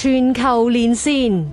全球連線，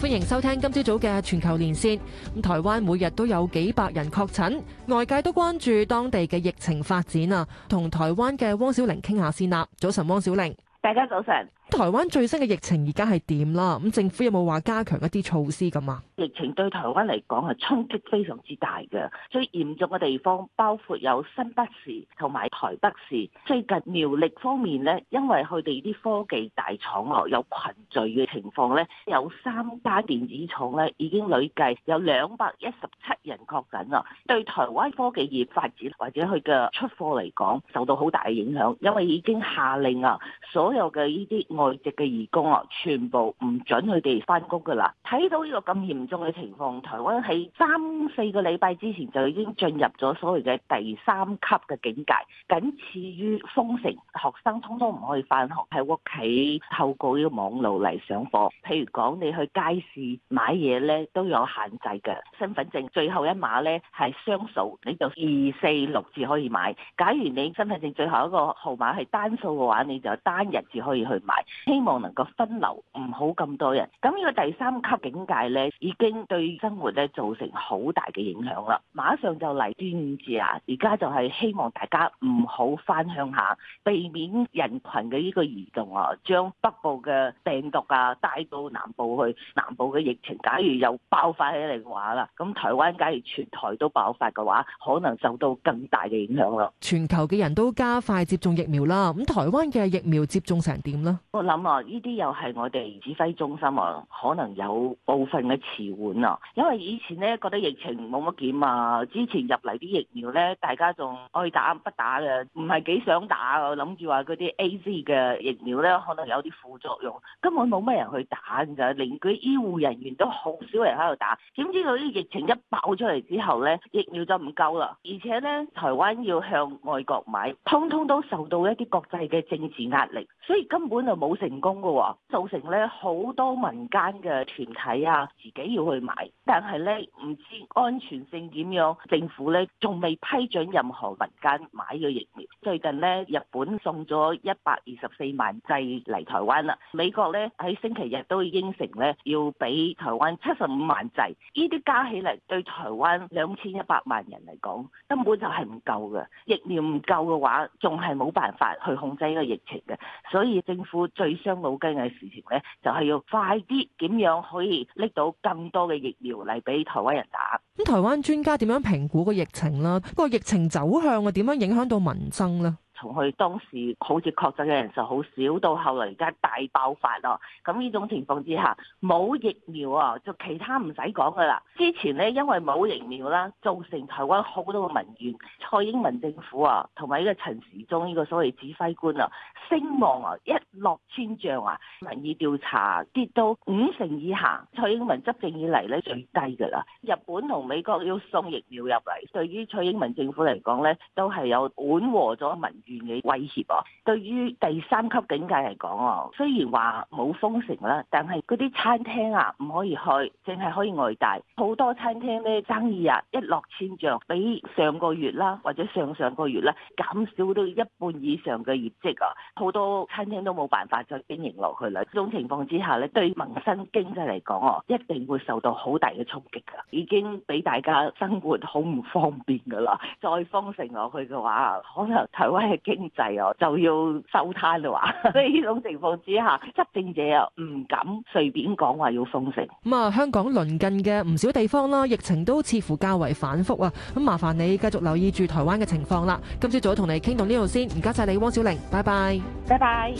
歡迎收聽今朝早嘅全球連線。咁台灣每日都有幾百人確診，外界都關注當地嘅疫情發展啊。同台灣嘅汪小玲傾下先啦。早晨，汪小玲，大家早晨。台灣最新嘅疫情而家係點啦？咁政府有冇話加強一啲措施咁啊？疫情對台灣嚟講係衝擊非常之大嘅，最嚴重嘅地方包括有新北市同埋台北市。最近苗栗方面咧，因為佢哋啲科技大廠啊有群聚嘅情況咧，有三家電子廠咧已經累計有兩百一十七人確診啊！對台灣科技業發展或者佢嘅出貨嚟講受到好大嘅影響，因為已經下令啊，所有嘅呢啲。外籍嘅移工啊，全部唔准佢哋翻工噶啦！睇到呢個咁嚴重嘅情況，台灣喺三四個禮拜之前就已經進入咗所謂嘅第三級嘅警戒，僅次於封城，學生通通唔可以返學，喺屋企透過呢個網路嚟上課。譬如講，你去街市買嘢呢，都有限制嘅，身份證最後一碼呢係雙數，你就二四六至可以買；假如你身份證最後一個號碼係單數嘅話，你就單日至可以去買。希望能夠分流，唔好咁多人。咁呢個第三級警戒咧，已經對生活咧造成好大嘅影響啦。馬上就嚟端午節啊，而家就係希望大家唔好翻鄉下，避免人群嘅呢個移動啊，將北部嘅病毒啊帶到南部去。南部嘅疫情假如又爆發起嚟嘅話啦，咁台灣假如全台都爆發嘅話，可能受到更大嘅影響咯，全球嘅人都加快接種疫苗啦，咁台灣嘅疫苗接種成點咧？我諗啊，呢啲又係我哋指揮中心啊，可能有部分嘅遲緩啊，因為以前呢，覺得疫情冇乜點啊，之前入嚟啲疫苗呢，大家仲愛打不打嘅，唔係幾想打，我諗住話嗰啲 AZ 嘅疫苗呢，可能有啲副作用，根本冇乜人去打噶，連佢醫護人員都好少人喺度打，點知佢啲疫情一爆出嚟之後呢，疫苗就唔夠啦，而且呢，台灣要向外國買，通通都受到一啲國際嘅政治壓力，所以根本就冇。好成功嘅，造成咧好多民間嘅團體啊，自己要去買，但係咧唔知安全性點樣。政府咧仲未批准任何民間買嘅疫苗。最近咧日本送咗一百二十四萬劑嚟台灣啦，美國咧喺星期日都應承咧要俾台灣七十五萬劑，呢啲加起嚟對台灣兩千一百萬人嚟講根本就係唔夠嘅。疫苗唔夠嘅話，仲係冇辦法去控制呢個疫情嘅，所以政府，最傷腦筋嘅事情咧，就係要快啲點樣可以拎到更多嘅疫苗嚟俾台灣人打。咁台灣專家點樣評估個疫情啦？個疫情走向啊，點樣影響到民生咧？同佢當時好似確診嘅人數好少，到後來而家大爆發咯啊。咁呢種情況之下，冇疫苗啊，就其他唔使講噶啦。之前呢，因為冇疫苗啦，造成台灣好多嘅民怨。蔡英文政府啊，同埋呢個陳時中呢個所謂指揮官啊，聲望啊一落千丈啊，民意調查跌到五成以下，蔡英文執政以嚟呢，最低噶啦。日本同美國要送疫苗入嚟，對於蔡英文政府嚟講呢，都係有緩和咗民原嘅威脅喎，對於第三級警戒嚟講，雖然話冇封城啦，但係嗰啲餐廳啊，唔可以去，淨係可以外帶。好多餐廳咧生意啊一落千丈，比上個月啦或者上上個月啦減少到一半以上嘅業績啊，好多餐廳都冇辦法再經營落去啦。呢種情況之下咧，對民生經濟嚟講，一定會受到好大嘅衝擊噶，已經俾大家生活好唔方便噶啦。再封城落去嘅話，可能台灣係。經濟哦就要收攤啦，話所以呢種情況之下，執政者又唔敢隨便講話要封城。咁啊，香港鄰近嘅唔少地方啦，疫情都似乎較為反覆啊。咁麻煩你繼續留意住台灣嘅情況啦。今朝早同你傾到呢度先，唔該晒你，汪小玲，拜拜，拜拜。